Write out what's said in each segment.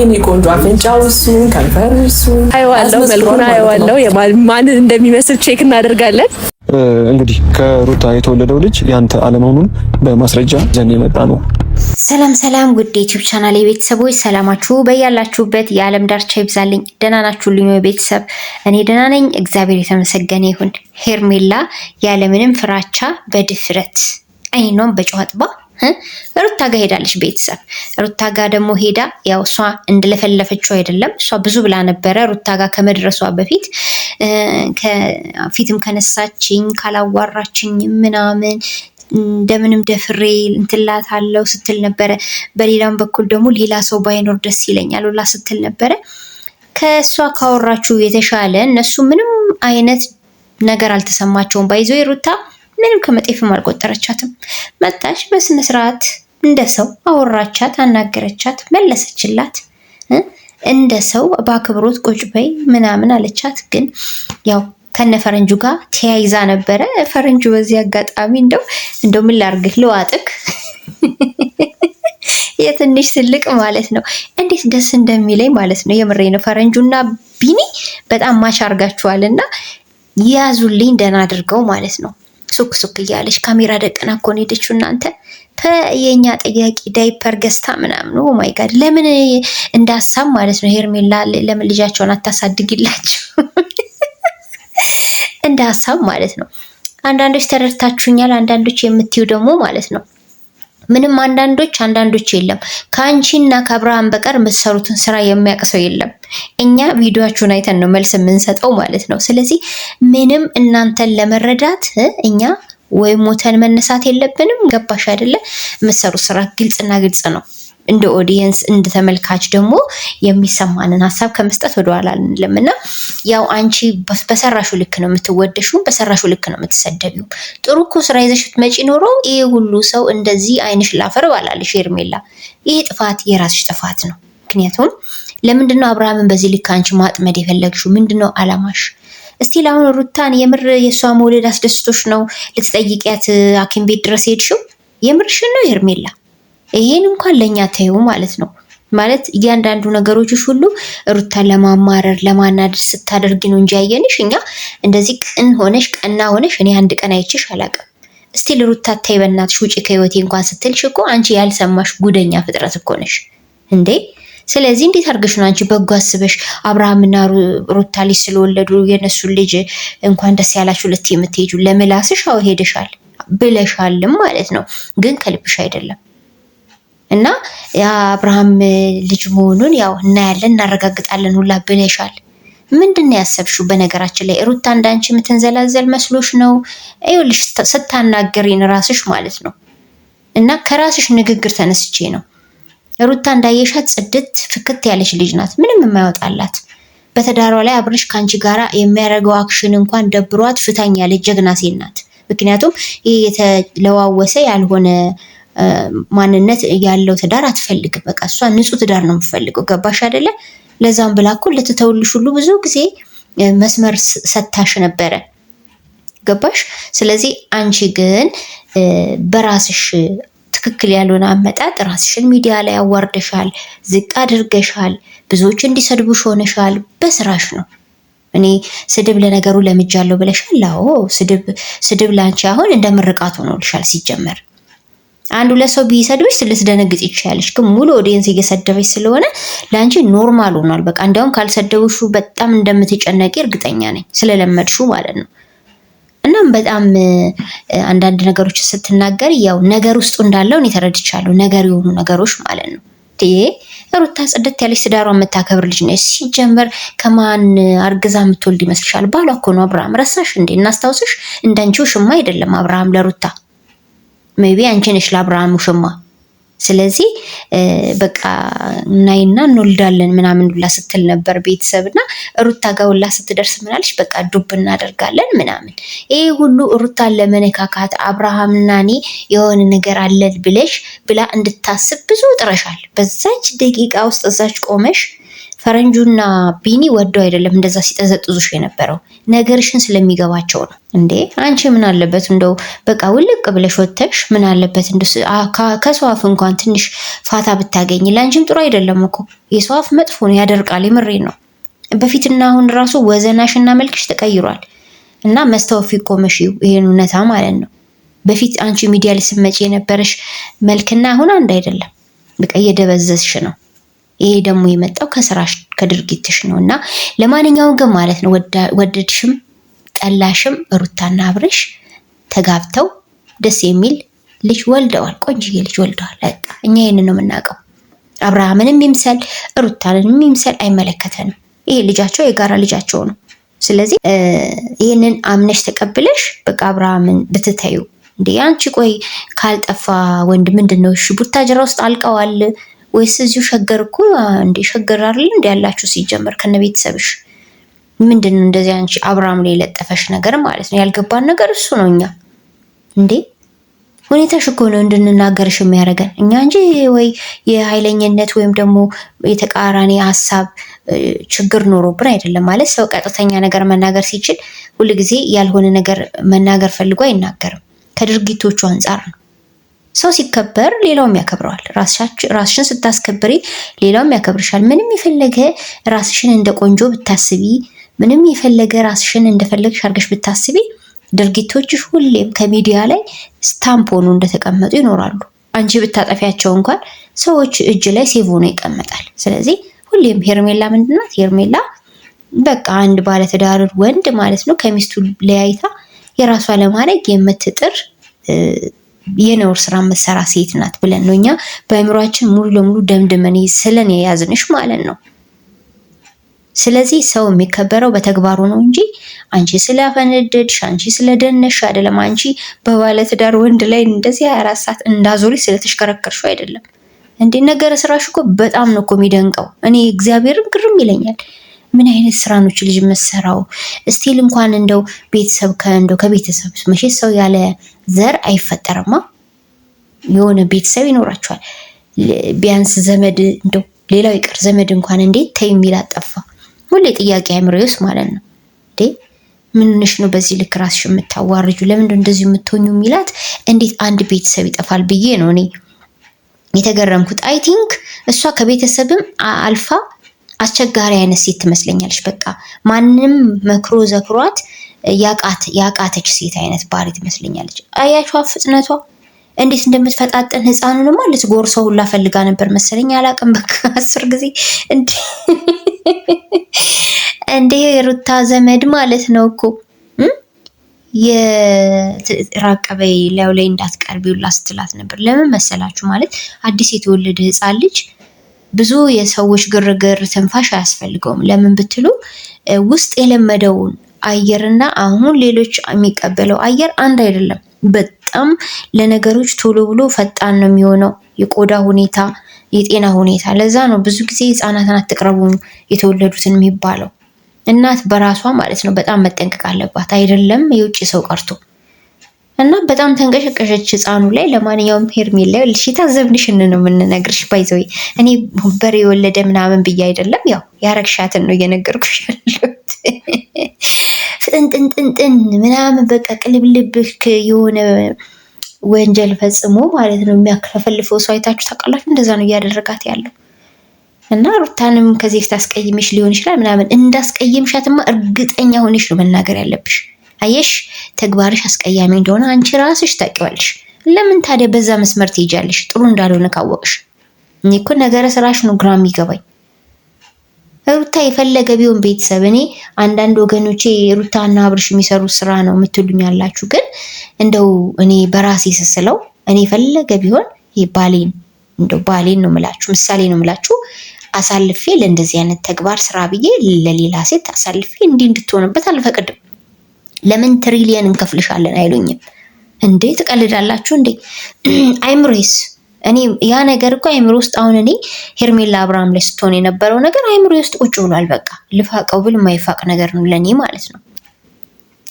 የኔ ቆንጆ አፍንጫው እሱን ከንፈር እሱን አየዋለሁ፣ መልኩን አየዋለሁ። ማንን እንደሚመስል ቼክ እናደርጋለን። እንግዲህ ከሩታ የተወለደው ልጅ ያንተ አለመሆኑን በማስረጃ ዘን የመጣ ነው። ሰላም ሰላም፣ ውድ ዩቲዩብ ቻናል የቤተሰቦች ሰላማችሁ በያላችሁበት የዓለም ዳርቻ ይብዛልኝ። ደህና ናችሁ ልኝ ቤተሰብ? እኔ ደህና ነኝ፣ እግዚአብሔር የተመሰገነ ይሁን። ሄርሜላ ያለምንም ፍራቻ በድፍረት አይኗን በጨዋጥባ ሩታ ጋ ሄዳለች። ቤተሰብ ሩታ ጋ ደግሞ ሄዳ ያው እሷ እንደለፈለፈችው አይደለም። እሷ ብዙ ብላ ነበረ ሩታ ጋ ከመድረሷ በፊት ከፊትም ከነሳችኝ ካላዋራችኝ ምናምን እንደምንም ደፍሬ እንትላታለው ስትል ነበረ። በሌላም በኩል ደግሞ ሌላ ሰው ባይኖር ደስ ይለኛል ሁላ ስትል ነበረ። ከእሷ ካወራችሁ የተሻለ እነሱ ምንም አይነት ነገር አልተሰማቸውም። ባይዞ ሩታ ምንም ከመጤፍም አልቆጠረቻትም። መጣች፣ በስነ ስርዓት እንደ ሰው አወራቻት፣ አናገረቻት፣ መለሰችላት። እንደ ሰው በአክብሮት ቁጭ በይ ምናምን አለቻት። ግን ያው ከነ ፈረንጁ ጋር ተያይዛ ነበረ። ፈረንጁ በዚህ አጋጣሚ እንደው እንደው ምን ላርግህ ልዋጥክ የትንሽ ስልቅ ማለት ነው። እንዴት ደስ እንደሚለኝ ማለት ነው። የምሬ ነው። እና ቢኒ በጣም ማሽ አርጋችኋልና ያዙልኝ ደህና አድርገው ማለት ነው። ሱክ ሱክ እያለች ካሜራ ደቅና እኮ ነው ሄደችው። እናንተ የእኛ ጥያቄ ዳይፐር ገዝታ ምናምን ኦ ማይ ጋድ ለምን እንዳሳም ማለት ነው ሄርሜላ ለምን ልጃቸውን አታሳድግላችሁ? እንዳሳም ሀሳብ ማለት ነው። አንዳንዶች ተረድታችሁኛል፣ አንዳንዶች የምትዩ ደግሞ ማለት ነው ምንም አንዳንዶች አንዳንዶች የለም ከአንቺና ከአብርሃም በቀር የምትሰሩትን ስራ የሚያውቅ ሰው የለም። እኛ ቪዲዮችሁን አይተን ነው መልስ የምንሰጠው ማለት ነው። ስለዚህ ምንም እናንተን ለመረዳት እኛ ወይ ሞተን መነሳት የለብንም። ገባሽ አይደለ? የምትሰሩት ስራ ግልጽና ግልጽ ነው። እንደ ኦዲየንስ እንደ ተመልካች ደግሞ የሚሰማንን ሀሳብ ከመስጠት ወደኋላ አንልም እና ያው አንቺ በሰራሹ ልክ ነው የምትወደሹ፣ በሰራሹ ልክ ነው የምትሰደቢው። ጥሩ እኮ ስራ ይዘሽ ኖሮ ይህ ሁሉ ሰው እንደዚህ አይንሽ ላፈር ባላለሽ። ሄርሜላ፣ ይህ ጥፋት የራስሽ ጥፋት ነው። ምክንያቱም ለምንድነው አብርሃምን በዚህ ልክ አንቺ ማጥመድ የፈለግሽው? ምንድነው አላማሽ? እስቲ ለአሁን ሩታን የምር የእሷ መውለድ አስደስቶሽ ነው ልትጠይቂያት ሐኪም ቤት ድረስ ሄድሽው? የምርሽን ነው ሄርሜላ? ይሄን እንኳን ለእኛ ተይው ማለት ነው። ማለት እያንዳንዱ ነገሮችሽ ሁሉ ሩታን ለማማረር ለማናደድ ስታደርግ ነው እንጂ ያየንሽ እኛ እንደዚህ ቅን ሆነሽ ቀና ሆነሽ እኔ አንድ ቀን አይችሽ አላቅም እስቲል ሩታ ታይ በእናትሽ ውጪ ከህይወቴ እንኳን ስትልሽ እኮ አንቺ ያልሰማሽ ጉደኛ ፍጥረት እኮ ነሽ እንዴ! ስለዚህ እንዴት አድርገሽ ነው አንቺ በጎ አስበሽ አብርሃምና ሩታ ልጅ ስለወለዱ የነሱን ልጅ እንኳን ደስ ያላችሁ ልትይ የምትሄጁ? ለምላስሽ አሁን ሄደሻል ብለሻልም ማለት ነው፣ ግን ከልብሽ አይደለም። እና የአብርሃም ልጅ መሆኑን ያው እናያለን እናረጋግጣለን ሁላ ብለሻል። ምንድን ነው ያሰብሽው? በነገራችን ላይ ሩታ እንዳንቺ የምትንዘላዘል መስሎሽ ነው? ይኸውልሽ ስታናገሪን ራስሽ ማለት ነው እና ከራስሽ ንግግር ተነስቼ ነው። ሩታ እንዳየሻት ጽድት ፍክት ያለች ልጅ ናት፣ ምንም የማይወጣላት በተዳሯ ላይ አብርሽ ከአንቺ ጋራ የሚያደርገው አክሽን እንኳን ደብሯት ፍታኝ ያለች ጀግና ሴት ናት። ምክንያቱም ይህ የተለዋወሰ ያልሆነ ማንነት ያለው ትዳር አትፈልግም። በቃ እሷ ንጹህ ትዳር ነው የምትፈልገው። ገባሽ አይደለ? ለዛም ብላ እኮ ልትተውልሽ ሁሉ ብዙ ጊዜ መስመር ሰታሽ ነበረ። ገባሽ? ስለዚህ አንቺ ግን በራስሽ ትክክል ያልሆነ አመጣጥ ራስሽን ሚዲያ ላይ አዋርደሻል፣ ዝቅ አድርገሻል፣ ብዙዎች እንዲሰድቡሽ ሆነሻል። በስራሽ ነው። እኔ ስድብ ለነገሩ ለምጃለሁ ብለሻል። አዎ ስድብ ስድብ ለአንቺ አሁን እንደ ምርቃት ሆኖልሻል ሲጀመር አንድ ሁለት ሰው ቢሰድብሽ ልትደነግጥ ይችላለሽ፣ ግን ሙሉ ኦዲየንስ እየሰደበች ስለሆነ ለአንቺ ኖርማል ሆኗል። በቃ እንዲያውም ካልሰደቡሹ በጣም እንደምትጨነቂ እርግጠኛ ነኝ፣ ስለለመድሹ ማለት ነው። እናም በጣም አንዳንድ ነገሮች ስትናገር ያው ነገር ውስጡ እንዳለው እኔ ተረድቻለሁ። ነገር የሆኑ ነገሮች ማለት ነው። ሩታ ጽድት ያለች ትዳሯን የምታከብር ልጅ ነች። ሲጀመር ከማን አርግዛ የምትወልድ ይመስልሻል? ባሏ እኮ ነው አብርሃም። ረሳሽ እንዴ? እናስታውስሽ፣ እንዳንቺው ሽማ አይደለም አብርሃም ለሩታ ሜቢ ቢ አንቺ ነሽ ለአብርሃም ውሽማ ስለዚህ በቃ እናይና እንወልዳለን ምናምን ብላ ስትል ነበር ቤተሰብ እና ሩታ ጋር ውላ ስትደርስ ምናለች፣ በቃ ዱብ እናደርጋለን ምናምን። ይሄ ሁሉ ሩታን ለመነካካት አብርሃምና እኔ የሆነ ነገር አለን ብለሽ ብላ እንድታስብ ብዙ ጥረሻል። በዛች ደቂቃ ውስጥ እዛች ቆመሽ ፈረንጁና ቢኒ ወደው አይደለም እንደዛ ሲጠዘጥዙሽ የነበረው ነገርሽን ስለሚገባቸው ነው። እንዴ አንቺ ምን አለበት እንደው በቃ ውልቅ ብለሽ ወተሽ ምን አለበት እንደ ከሰው አፍ እንኳን ትንሽ ፋታ ብታገኝ ለአንቺም ጥሩ አይደለም እኮ የሰው አፍ መጥፎ ነው፣ ያደርቃል። የምሬ ነው። በፊትና አሁን ራሱ ወዘናሽና መልክሽ ተቀይሯል እና መስታወት ቆመሽ ይሄን እውነታ ማለት ነው። በፊት አንቺ ሚዲያ ላይ ስትመጪ የነበረሽ መልክና አሁን አንድ አይደለም። በቃ እየደበዘዝሽ ነው። ይሄ ደግሞ የመጣው ከስራሽ ከድርጊትሽ ነው እና ለማንኛውም ግን ማለት ነው ወደድሽም ጠላሽም ሩታና አብርሽ ተጋብተው ደስ የሚል ልጅ ወልደዋል። ቆንጅዬ ልጅ ወልደዋል። በቃ እኛ ይህንን ነው የምናውቀው። አብርሃምንም ይምሰል ሩታንንም ይምሰል አይመለከተንም። ይሄ ልጃቸው የጋራ ልጃቸው ነው። ስለዚህ ይህንን አምነሽ ተቀብለሽ በቃ አብርሃምን ብትተዩ እንዴ አንቺ ቆይ ካልጠፋ ወንድ ምንድን ነው? እሺ ቡታጅራ ውስጥ አልቀዋል ወይስ እዚሁ ሸገር እኮ እንዴ ሸገር አይደል እንዴ ያላችሁ ሲጀመር ከነ ቤተሰብሽ ምንድን ነው እንደዚህ አንቺ አብርሃም ላይ የለጠፈሽ ነገር ማለት ነው። ያልገባን ነገር እሱ ነው። እኛ እንዴ ሁኔታሽ እኮ ነው እንድንናገርሽ የሚያደርገን እኛ እንጂ ወይ የኃይለኝነት ወይም ደግሞ የተቃራኒ ሀሳብ ችግር ኖሮብን አይደለም። ማለት ሰው ቀጥተኛ ነገር መናገር ሲችል ሁልጊዜ ያልሆነ ነገር መናገር ፈልጎ አይናገርም። ከድርጊቶቹ አንጻር ነው። ሰው ሲከበር ሌላውም ያከብረዋል። ራስሽን ስታስከብሪ ሌላውም ያከብርሻል። ምንም የፈለገ ራስሽን እንደ ቆንጆ ብታስቢ፣ ምንም የፈለገ ራስሽን እንደፈለግሽ አድርገሽ ብታስቢ፣ ድርጊቶችሽ ሁሌም ከሚዲያ ላይ ስታምፕ ሆኖ እንደተቀመጡ ይኖራሉ። አንቺ ብታጠፊያቸው እንኳን ሰዎች እጅ ላይ ሴቭ ሆኖ ይቀመጣል። ስለዚህ ሁሌም ሄርሜላ ምንድን ናት? ሄርሜላ በቃ አንድ ባለትዳር ወንድ ማለት ነው ከሚስቱ ለያይታ የራሷ ለማድረግ የምትጥር የነውር ስራ መሰራ ሴት ናት ብለን ነው እኛ በአእምሯችን ሙሉ ለሙሉ ደምድመን ስለን የያዝንሽ ማለት ነው። ስለዚህ ሰው የሚከበረው በተግባሩ ነው እንጂ አንቺ ስለፈነደድሽ፣ አንቺ ስለደነሽ አይደለም። አንቺ በባለትዳር ወንድ ላይ እንደዚህ 24 ሰዓት እንዳዞሪ ስለተሽከረከርሽው አይደለም። እንዴ ነገረ ስራሽ እኮ በጣም ነው እኮ የሚደንቀው። እኔ እግዚአብሔርም ግርም ይለኛል። ምን አይነት ስራ ነው ልጅ የምትሰራው? እስቲል እንኳን እንደው ቤተሰብ ከእንደው ከቤተሰብ መቼ ሰው ያለ ዘር አይፈጠርማ። የሆነ ቤተሰብ ይኖራቸዋል። ቢያንስ ዘመድ እንደው ሌላው ይቅር ዘመድ እንኳን እንዴት ተይ የሚል አጠፋ። ሁሌ ጥያቄ አይምሮስ ማለት ነው እንዴ ምንሽ ነው በዚህ ልክ ራስሽ የምታዋርጁ? ለምንድን እንደዚህ የምትሆኙ የሚላት እንዴት አንድ ቤተሰብ ይጠፋል ብዬ ነው እኔ የተገረምኩት። አይ ቲንክ እሷ ከቤተሰብም አልፋ አስቸጋሪ አይነት ሴት ትመስለኛለች። በቃ ማንም መክሮ ዘክሯት ያቃተች ሴት አይነት ባህሪ ትመስለኛለች። አያቿ ፍጥነቷ እንዴት እንደምትፈጣጠን ህፃኑንማ ልትጎርሰው ሁላ ፈልጋ ነበር መሰለኝ። አላቅም በቃ አስር ጊዜ እንዴ የሩታ ዘመድ ማለት ነው እኮ የራቀበይ ላዩ ላይ እንዳትቀርቢው ላስትላት ነበር። ለምን መሰላችሁ? ማለት አዲስ የተወለደ ህፃን ልጅ ብዙ የሰዎች ግርግር ትንፋሽ አያስፈልገውም። ለምን ብትሉ ውስጥ የለመደውን አየርና አሁን ሌሎች የሚቀበለው አየር አንድ አይደለም። በጣም ለነገሮች ቶሎ ብሎ ፈጣን ነው የሚሆነው የቆዳ ሁኔታ፣ የጤና ሁኔታ። ለዛ ነው ብዙ ጊዜ ህፃናትን አትቅረቡ የተወለዱትን የሚባለው። እናት በራሷ ማለት ነው በጣም መጠንቀቅ አለባት። አይደለም የውጭ ሰው ቀርቶ እና በጣም ተንቀሸቀሸች ህፃኑ ላይ። ለማንኛውም ሄርሜላ ይኸውልሽ የታዘብንሽን ነው የምንነግርሽ። ባይዘዊ እኔ በሬ የወለደ ምናምን ብዬ አይደለም፣ ያው ያረግሻትን ነው እየነገርኩሽ ያለሁት። ፍጥንጥንጥንጥን ምናምን በቃ ቅልብልብክ የሆነ ወንጀል ፈጽሞ ማለት ነው የሚያክለፈልፈው ሰው አይታችሁ ታውቃላችሁ? እንደዛ ነው እያደረጋት ያለው እና ሩታንም ከዚህ ፊት አስቀይምሽ ሊሆን ይችላል ምናምን እንዳስቀይምሻትማ እርግጠኛ ሆነሽ ነው መናገር ያለብሽ። አየሽ ተግባርሽ አስቀያሚ እንደሆነ አንቺ ራስሽ ታውቂዋለሽ። ለምን ታዲያ በዛ መስመር ትሄጃለሽ? ጥሩ እንዳልሆነ ካወቅሽ። እኔ እኮ ነገረ ስራሽ ነው ግራ የሚገባኝ ሩታ። የፈለገ ቢሆን ቤተሰብ እኔ አንዳንድ ወገኖቼ ሩታና አብርሽ የሚሰሩት ስራ ነው የምትሉኝ ያላችሁ፣ ግን እንደው እኔ በራሴ ስስለው እኔ የፈለገ ቢሆን ባሌን እንደው ባሌን ነው ምላችሁ ምሳሌ ነው የምላችሁ አሳልፌ ለእንደዚህ አይነት ተግባር ስራ ብዬ ለሌላ ሴት አሳልፌ እንዲህ እንድትሆንበት አልፈቅድም። ለምን ትሪሊየን እንከፍልሻለን አይሉኝም እንዴ? ትቀልዳላችሁ እንዴ? አይምሮስ እኔ ያ ነገር እኮ አይምሮ ውስጥ አሁን እኔ ሄርሜላ አብርሃም ላይ ስትሆን የነበረው ነገር አይምሮ ውስጥ ቁጭ ብሏል። በቃ ልፋቀው ብል የማይፋቅ ነገር ነው ለእኔ ማለት ነው።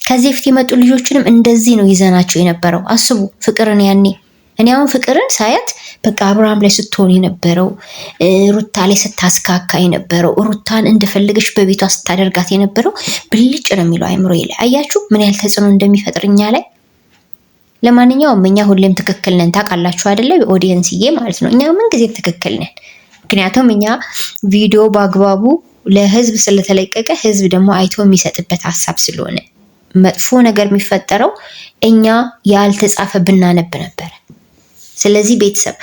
ከዚህ በፊት የመጡ ልጆችንም እንደዚህ ነው ይዘናቸው የነበረው። አስቡ ፍቅርን ያኔ እኔ አሁን ፍቅርን ሳያት በቃ አብርሃም ላይ ስትሆን የነበረው ሩታ ላይ ስታስካካ የነበረው ሩታን እንደፈለገች በቤቷ ስታደርጋት የነበረው ብልጭ ነው የሚለው አይምሮ ላይ። አያችሁ ምን ያህል ተጽዕኖ እንደሚፈጥር እኛ ላይ። ለማንኛውም እኛ ሁሌም ትክክል ነን ታውቃላችሁ አይደለ? ኦዲየንስዬ ማለት ነው። እኛ ምን ጊዜም ትክክል ነን። ምክንያቱም እኛ ቪዲዮ በአግባቡ ለህዝብ ስለተለቀቀ ህዝብ ደግሞ አይቶ የሚሰጥበት ሀሳብ ስለሆነ መጥፎ ነገር የሚፈጠረው እኛ ያልተጻፈ ብናነብ ነበረ። ስለዚህ ቤተሰብ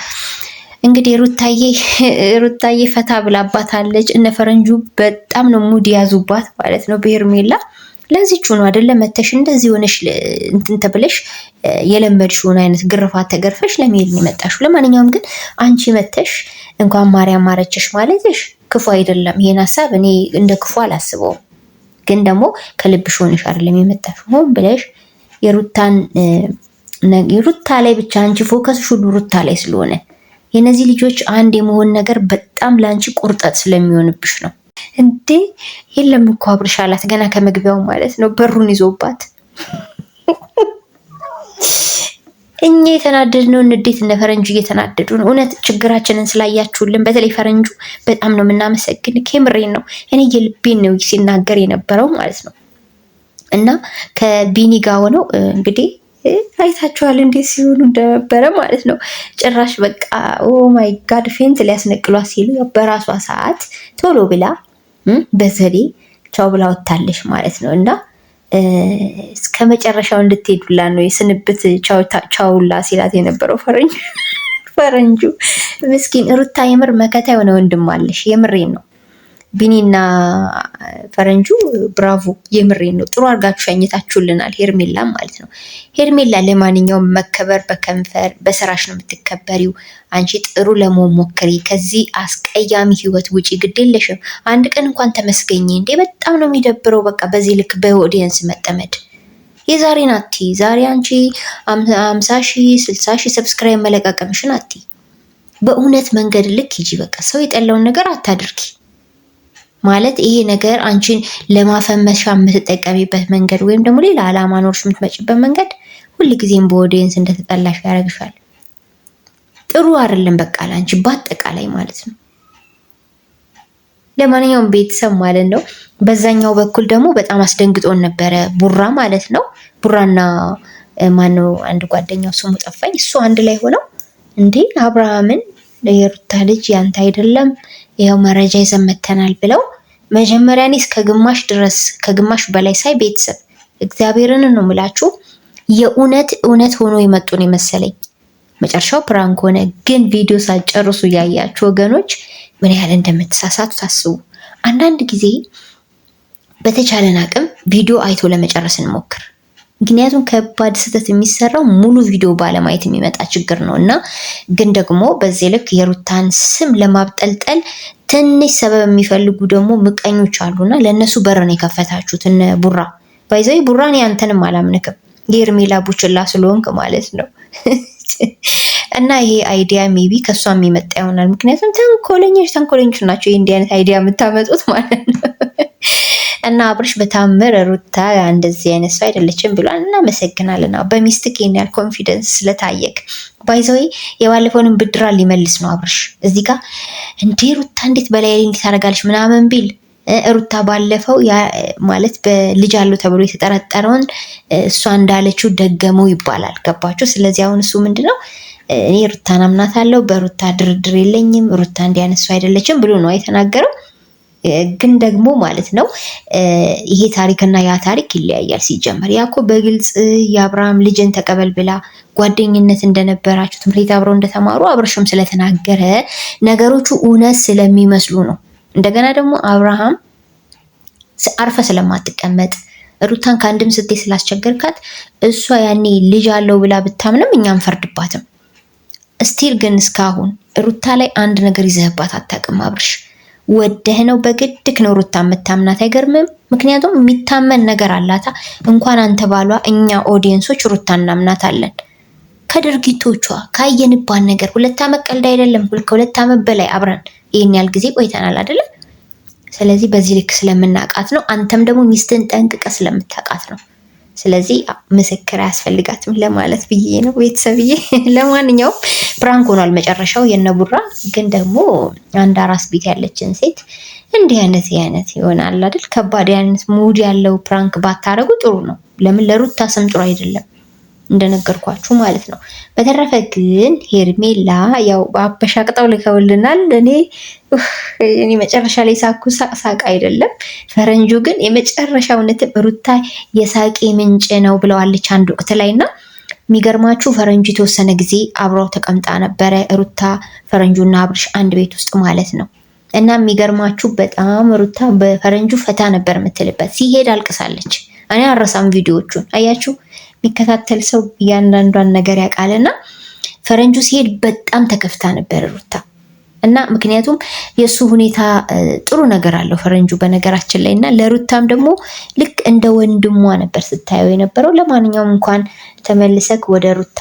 እንግዲህ ሩታዬ ሩታዬ ፈታ ብላባታለች። እነ ፈረንጁ በጣም ነው ሙድ ያዙባት ማለት ነው። በሄርሜላ ለዚች ሆኖ አይደለ መተሽ እንደዚህ ሆነሽ እንትን ተብለሽ የለመድሽውን አይነት ግርፋት ተገርፈሽ ለመሄድ ነው የመጣሽው። ለማንኛውም ግን አንቺ መተሽ እንኳን ማርያም ማረችሽ ማለትሽ ክፉ አይደለም። ይሄን ሀሳብ እኔ እንደ ክፉ አላስበውም። ግን ደግሞ ከልብሽ ሆነሽ አይደለም የመጣሽው ሆን ብለሽ የሩታን ሩታ ላይ ብቻ አንቺ ፎከስ ሁሉ ሩታ ላይ ስለሆነ የነዚህ ልጆች አንድ የመሆን ነገር በጣም ለአንቺ ቁርጠት ስለሚሆንብሽ ነው። እንዴ የለም እኮ አብርሽ አላት ገና ከመግቢያው ማለት ነው። በሩን ይዞባት እኛ የተናደድነው እንዴት እነ ፈረንጁ እየተናደዱ ነው። እውነት ችግራችንን ስላያችሁልን፣ በተለይ ፈረንጁ በጣም ነው የምናመሰግን። ኬምሬን ነው እኔ የልቤን ነው ሲናገር የነበረው ማለት ነው እና ከቢኒ ጋ ሆነው እንግዲህ አይታችኋል እንዴት ሲሆኑ እንደነበረ ማለት ነው። ጭራሽ በቃ ኦ ማይ ጋድ ፌንት ሊያስነቅሏት ሲሉ በራሷ ሰዓት ቶሎ ብላ በዘዴ ቻው ብላ ወታለች ማለት ነው እና እስከ መጨረሻው እንድትሄዱላ ነው የስንብት ቻውላ ሲላት የነበረው ፈረንጁ ፈረንጁ ምስኪን ሩታ የምር መከታ የሆነ ወንድም አለሽ። የምሬን ነው። ቢኒና ፈረንጁ ብራቮ የምሬን ነው። ጥሩ አድርጋችሁ ሸኝታችሁልናል። ሄርሜላ ማለት ነው። ሄርሜላ ለማንኛውም መከበር በከንፈር በስራሽ ነው የምትከበሪው። አንቺ ጥሩ ለመሆን ሞክሪ። ከዚህ አስቀያሚ ህይወት ውጪ ግድ የለሽም። አንድ ቀን እንኳን ተመስገኝ እንዴ! በጣም ነው የሚደብረው። በቃ በዚህ ልክ በኦዲየንስ መጠመድ የዛሬን አቲ ዛሬ አንቺ አምሳ ሺ ስልሳ ሺ ሰብስክራይብ መለቃቀምሽን አቲ በእውነት መንገድ ልክ ሂጂ። በቃ ሰው የጠላውን ነገር አታድርጊ። ማለት ይሄ ነገር አንቺን ለማፈመሻ የምትጠቀሚበት መንገድ ወይም ደግሞ ሌላ ዓላማ ኖርሽ የምትመጭበት መንገድ ጊዜም በኦዲየንስ እንደተጠላሽ ያደርግሻል። ጥሩ አይደለም። በቃ ለአንቺ በአጠቃላይ ማለት ነው። ለማንኛውም ቤተሰብ ማለት ነው። በዛኛው በኩል ደግሞ በጣም አስደንግጦን ነበረ ቡራ ማለት ነው። ቡራና ማነው አንድ ጓደኛው ስሙ ጠፋኝ። እሱ አንድ ላይ ሆነው እንዴ አብርሃምን የሩታ ልጅ ያንተ አይደለም ይኸው መረጃ ይዘን መተናል ብለው መጀመሪያ እኔ እስከ ግማሽ ድረስ ከግማሽ በላይ ሳይ ቤተሰብ እግዚአብሔርን ነው የምላችሁ የእውነት እውነት ሆኖ የመጡን የመሰለኝ መጨረሻው ፕራንክ ሆነ። ግን ቪዲዮ ሳጨርሱ ያያችሁ ወገኖች ምን ያህል እንደምትሳሳቱ ታስቡ። አንዳንድ ጊዜ በተቻለን አቅም ቪዲዮ አይቶ ለመጨረስ እንሞክር። ምክንያቱም ከባድ ስህተት የሚሰራው ሙሉ ቪዲዮ ባለማየት የሚመጣ ችግር ነው እና ግን ደግሞ በዚህ ልክ የሩታን ስም ለማብጠልጠል ትንሽ ሰበብ የሚፈልጉ ደግሞ ምቀኞች አሉና ለእነሱ ነው የከፈታችሁት እነ ቡራ ባይዘይ ቡራን ያንተንም አላምንክም የእርሜላ ቡችላ ስለሆንክ ማለት ነው። እና ይሄ አይዲያ ሜቢ ከእሷ የሚመጣ ይሆናል። ምክንያቱም ተንኮለኞች ተንኮለኞች ናቸው ይህ እንዲህ አይነት አይዲያ የምታመጡት ማለት ነው። እና አብርሽ በታምር ሩታ እንደዚህ አይነት ሰው አይደለችም ብሏል። እናመሰግናለን። ነው በሚስትክ ይህን ያህል ኮንፊደንስ ስለታየክ ባይዘወይ የባለፈውንም ብድራ ሊመልስ ነው አብርሽ። እዚህ ጋ እንዴ ሩታ እንዴት በላይ እንዴት ታደርጋለች ምናምን ቢል ሩታ ባለፈው ማለት በልጅ አለው ተብሎ የተጠረጠረውን እሷ እንዳለችው ደገመው ይባላል። ገባችሁ? ስለዚህ አሁን እሱ ምንድነው እኔ ሩታን አምናታለሁ፣ በሩታ ድርድር የለኝም፣ ሩታ እንዲያነሱ አይደለችም ብሎ ነው የተናገረው። ግን ደግሞ ማለት ነው ይሄ ታሪክና ያ ታሪክ ይለያያል። ሲጀመር ያ እኮ በግልጽ የአብርሃም ልጅን ተቀበል ብላ ጓደኝነት እንደነበራቸው ትምህርት ቤት አብረው እንደተማሩ አብርሽም ስለተናገረ ነገሮቹ እውነት ስለሚመስሉ ነው። እንደገና ደግሞ አብርሃም አርፈ ስለማትቀመጥ ሩታን ከአንድም ስቴ ስላስቸገርካት እሷ ያኔ ልጅ አለው ብላ ብታምንም እኛ ፈርድባትም። እስቲል ግን እስካሁን ሩታ ላይ አንድ ነገር ይዘህባት አታውቅም አብርሽ። ወደህ ነው በግድክ ነው ሩታ የምታምናት አይገርምም። ምክንያቱም የሚታመን ነገር አላታ። እንኳን አንተ ባሏ፣ እኛ ኦዲየንሶች ሩታ እናምናታለን። ከድርጊቶቿ ካየንባን ነገር ሁለት ዓመት ቀልድ አይደለም። ከሁለት ዓመት በላይ አብረን ይህን ያህል ጊዜ ቆይተናል አይደለም። ስለዚህ በዚህ ልክ ስለምናውቃት ነው። አንተም ደግሞ ሚስትን ጠንቅቀ ስለምታውቃት ነው። ስለዚህ ምስክር አያስፈልጋትም ለማለት ብዬ ነው ቤተሰብዬ። ለማንኛውም ፕራንክ ሆኗል መጨረሻው የነቡራ ግን ደግሞ አንድ አራስ ቤት ያለችን ሴት እንዲህ አይነት አይነት ይሆናል አይደል? ከባድ አይነት ሙድ ያለው ፕራንክ ባታረጉ ጥሩ ነው። ለምን ለሩታ ስም ጥሩ አይደለም። እንደነገርኳችሁ ማለት ነው። በተረፈ ግን ሄርሜላ ያው አበሻቅጠው ልከውልናል። እኔ እኔ መጨረሻ ላይ ሳኩ ሳቅ አይደለም ፈረንጁ ግን የመጨረሻ እውነትም ሩታ የሳቄ ምንጭ ነው ብለዋለች አንድ ወቅት ላይ እና የሚገርማችሁ ፈረንጁ የተወሰነ ጊዜ አብረው ተቀምጣ ነበረ ሩታ ፈረንጁና አብርሽ አንድ ቤት ውስጥ ማለት ነው። እና የሚገርማችሁ በጣም ሩታ በፈረንጁ ፈታ ነበር የምትልበት፣ ሲሄድ አልቅሳለች። እኔ አረሳም ቪዲዮዎቹን አያችሁ። የሚከታተል ሰው እያንዳንዷን ነገር ያውቃልና ፈረንጁ ሲሄድ በጣም ተከፍታ ነበር ሩታ እና ምክንያቱም የእሱ ሁኔታ ጥሩ ነገር አለው ፈረንጁ በነገራችን ላይ እና ለሩታም ደግሞ ልክ እንደ ወንድሟ ነበር ስታየው የነበረው። ለማንኛውም እንኳን ተመልሰክ ወደ ሩታ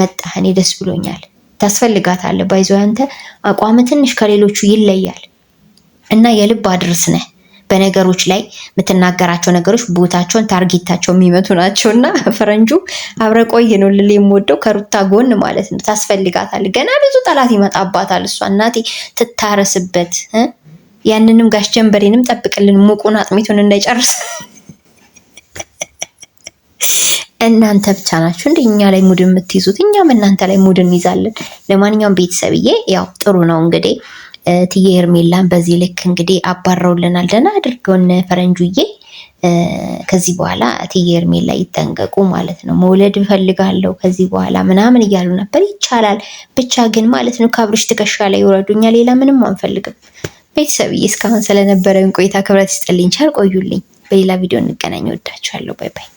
መጣህ፣ እኔ ደስ ብሎኛል። ታስፈልጋታለህ። ባይዞ ያንተ አቋም ትንሽ ከሌሎቹ ይለያል እና የልብ አድርስ ነህ በነገሮች ላይ የምትናገራቸው ነገሮች ቦታቸውን ታርጌታቸው የሚመቱ ናቸው እና ፈረንጁ አብረቆይ ነው ልል የምወደው ከሩታ ጎን ማለት ነው። ታስፈልጋታል። ገና ብዙ ጠላት ይመጣባታል። እሷ እናቴ ትታረስበት። ያንንም ጋሽ ጀንበሬንም ጠብቅልን ሙቁን አጥሚቱን እንዳይጨርስ። እናንተ ብቻ ናችሁ እንደ እኛ ላይ ሙድ የምትይዙት፣ እኛም እናንተ ላይ ሙድ እንይዛለን። ለማንኛውም ቤተሰብዬ ያው ጥሩ ነው እንግዲህ እትዬ ሄርሜላን በዚህ ልክ እንግዲህ አባረውልናል። ደህና አድርገውን ፈረንጁዬ። ከዚህ በኋላ እትዬ ሄርሜላ ይጠንቀቁ ማለት ነው። መውለድ እፈልጋለሁ ከዚህ በኋላ ምናምን እያሉ ነበር። ይቻላል ብቻ ግን ማለት ነው ከአብርሽ ትከሻ ላይ ይውረዱኛ። ሌላ ምንም አንፈልግም። ቤተሰብዬ እስካሁን ስለነበረን ቆይታ ክብረት ይስጥልኝ። ቻል ቆዩልኝ። በሌላ ቪዲዮ እንገናኝ። ወዳችኋለሁ። ባይ ባይ